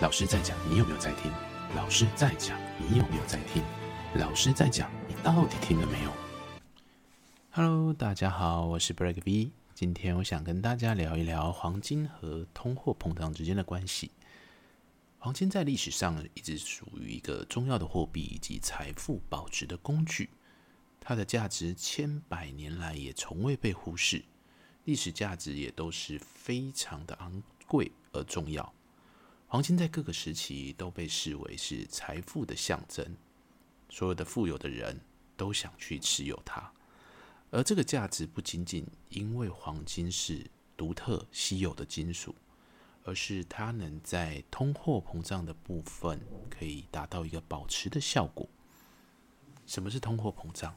老師在講，你有沒有在聽？老師在講，你有沒有在聽？老師在講，你到底聽了沒有？Hello，大家好，我是 Break B，今天我想跟大家聊一聊黃金和通貨膨脹之間的關係。黃金在歷史上一直屬於一個重要的貨幣以及財富保值的工具，它的價值千百年來也從未被忽視，歷史價值也都是非常的昂貴而重要。黃金在各個時期都被視為是財富的象徵，所有的富有的人都想去持有它。而這個價值不僅僅因為黃金是獨特稀有的金屬，而是它能在通貨膨脹的部分可以達到一個保持的效果。什麼是通貨膨脹？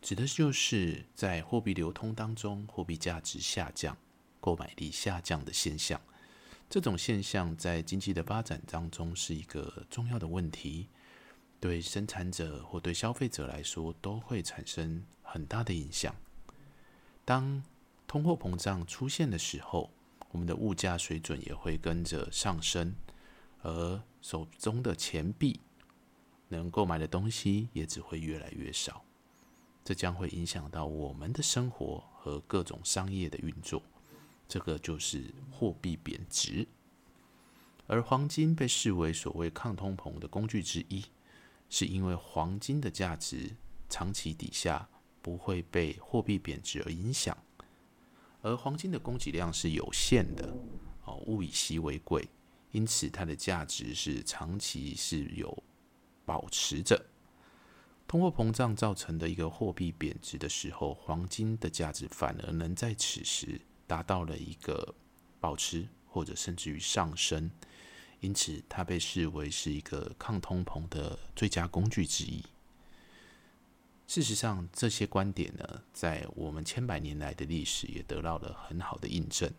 指的就是在貨幣流通當中，貨幣價值下降、購買力下降的現象。這種現象在經濟的發展當中是一個重要的問題，對生產者或對消費者來說都會產生很大的影響。當通貨膨脹出現的時候，我們的物價水準也會跟着上升，而手中的錢幣能購買的東西也只會越來越少。這將會影響到我們的生活和各種商業的運作。這個就是貨幣貶值，而黃金被視為所謂抗通膨的工具之一，是因為黃金的價值長期底下不會被貨幣貶值而影響，而黃金的供給量是有限的哦，物以稀為貴，因此它的價值是長期是有保持着。通貨膨脹造成的一個貨幣貶值的時候，黃金的價值反而能在此時。達到了一個保持或者甚至於上升，因此它被視為是一個抗通膨的最佳工具之一。事實上，這些觀點呢，在我們千百年來的歷史也得到了很好的印證。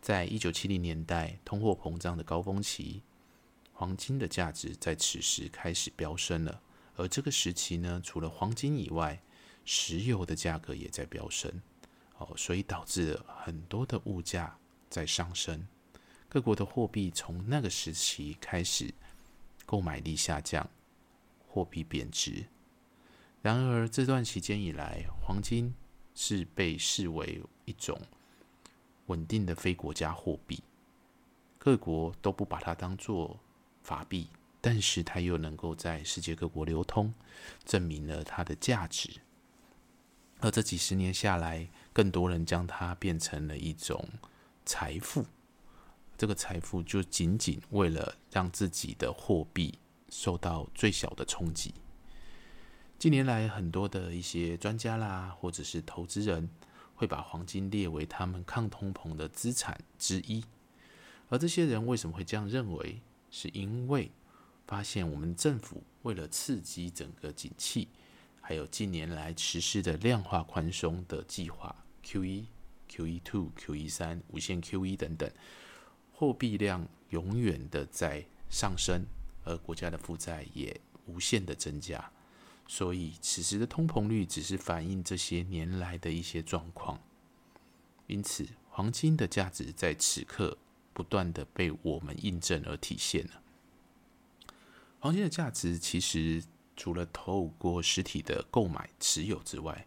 在一九七零年代，通貨膨脹的高峰期，黃金的價值在此時開始飆升了，而這個時期呢，除了黃金以外，石油的價格也在飆升。所以導致了很多的物價在上升，各國的貨幣從那個時期開始購買力下降，貨幣貶值。然而，這段期間以來，黃金是被視為一種穩定的非國家貨幣，各國都不把它當作法幣，但是它又能夠在世界各國流通，證明了它的價值。而這幾十年下來，更多人將它變成了一種財富，這個財富就僅僅為了讓自己的貨幣受到最小的衝擊。近年來，很多的一些專家啦，或者是投資人，會把黃金列為他們抗通膨的資產之一。而這些人為什麼會這樣認為？是因為發現我們政府為了刺激整個景氣，還有近年來實施的量化寬鬆的計劃。QE、QE two、QE 三、無限 QE 等等，貨幣量永遠的在上升，而國家的負債也無限的增加，所以此時的通膨率只是反映這些年來的一些狀況。因此，黃金的價值在此刻不斷的被我們印證而體現了。黃金的價值其實除了透過實體的購買持有之外，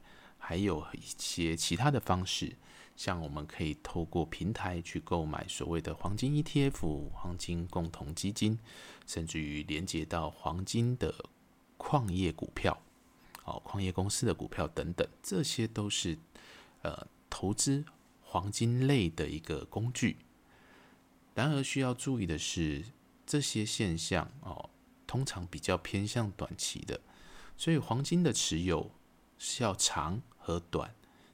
還有一些其他的方式，像我們可以透過平台去購買所謂的黃金 ETF、黃金共同基金，甚至於連接到黃金的礦業股票，哦，礦業公司的股票等等，這些都是呃投資黃金類的一個工具。然而需要注意的是，這些現象哦通常比較偏向短期的，所以黃金的持有是要長和短，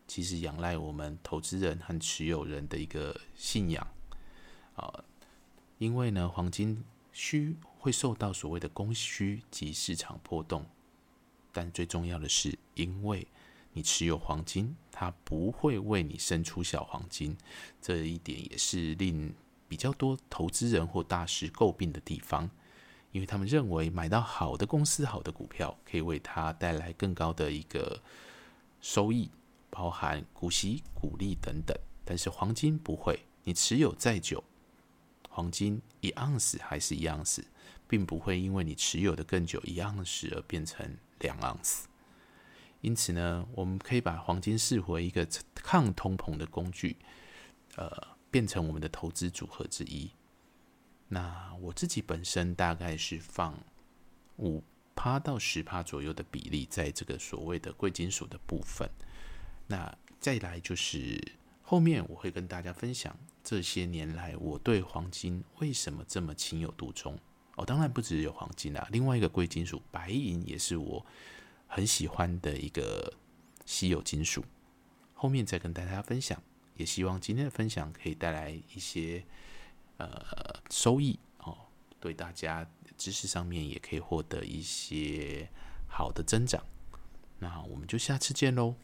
其實仰賴我們投資人和持有人的一個信仰啊，因為呢，黃金需會受到所謂的供需及市場波動，但最重要的是，因為你持有黃金，它不會為你生出小黃金，這一點也是令比較多投資人或大師詬病的地方，因為他們認為買到好的公司、好的股票，可以為它帶來更高的一個。收益包含股息、股利等等，但是黃金不會。你持有再久，黃金一盎司還是一盎司，並不會因為你持有的更久一盎司而變成兩盎司。因此呢，我們可以把黃金視為一個抗通膨的工具，呃，變成我們的投資組合之一。那我自己本身大概是放五。八到十趴左右的比例，在這個所謂的貴金屬的部分。那再來就是後面我會跟大家分享，這些年來我對黃金為什麼這麼情有獨鍾哦。當然不只有黃金啦、啊，另外一個貴金屬白銀也是我很喜歡的一個稀有金屬。後面再跟大家分享，也希望今天的分享可以帶來一些呃收益。對大家知識上面也可以獲得一些好的增長，那我們就下次見嘍。